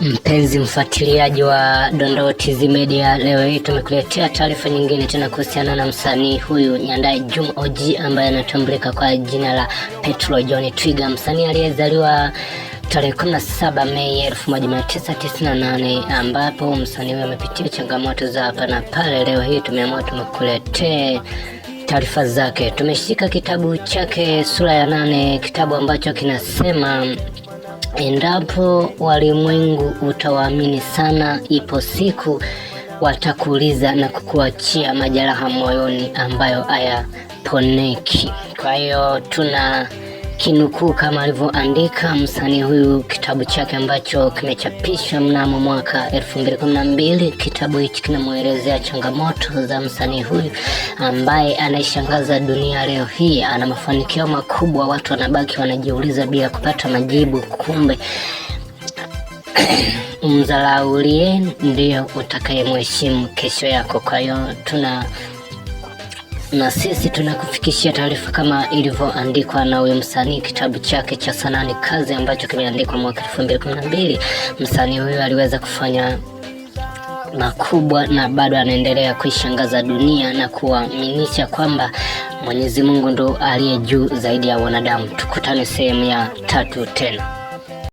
Mpenzi mfuatiliaji wa Dondoo TV Media, leo hii tumekuletea taarifa nyingine tena kuhusiana na msanii huyu Nyandaye Juma OG ambaye anatambulika kwa jina la Petro John Twiga, msanii aliyezaliwa tarehe 17 Mei 1998 ambapo msanii huyo amepitia changamoto za hapa na pale. Leo hii tumeamua tumekuletea taarifa zake. Tumeshika kitabu chake Sura ya Nane, kitabu ambacho kinasema Endapo walimwengu utawaamini sana, ipo siku watakuuliza na kukuachia majeraha moyoni ambayo hayaponeki. Kwa hiyo tuna kinukuu kama alivyoandika msanii huyu kitabu chake ambacho kimechapisha mnamo mwaka 2012. Kitabu hichi kinamwelezea changamoto za msanii huyu ambaye anaishangaza dunia leo hii, ana mafanikio makubwa, watu wanabaki wanajiuliza bila kupata majibu, kumbe mzalaulie ndio utakayemheshimu kesho yako. Kwa hiyo tuna na sisi tunakufikishia taarifa kama ilivyoandikwa na huyu msanii kitabu chake cha sanaa ni kazi ambacho kimeandikwa mwaka 2012. Msanii huyu aliweza kufanya makubwa na bado anaendelea kuishangaza dunia na kuaminisha kwamba Mwenyezi Mungu ndo aliye juu zaidi ya wanadamu. Tukutane sehemu ya tatu tena.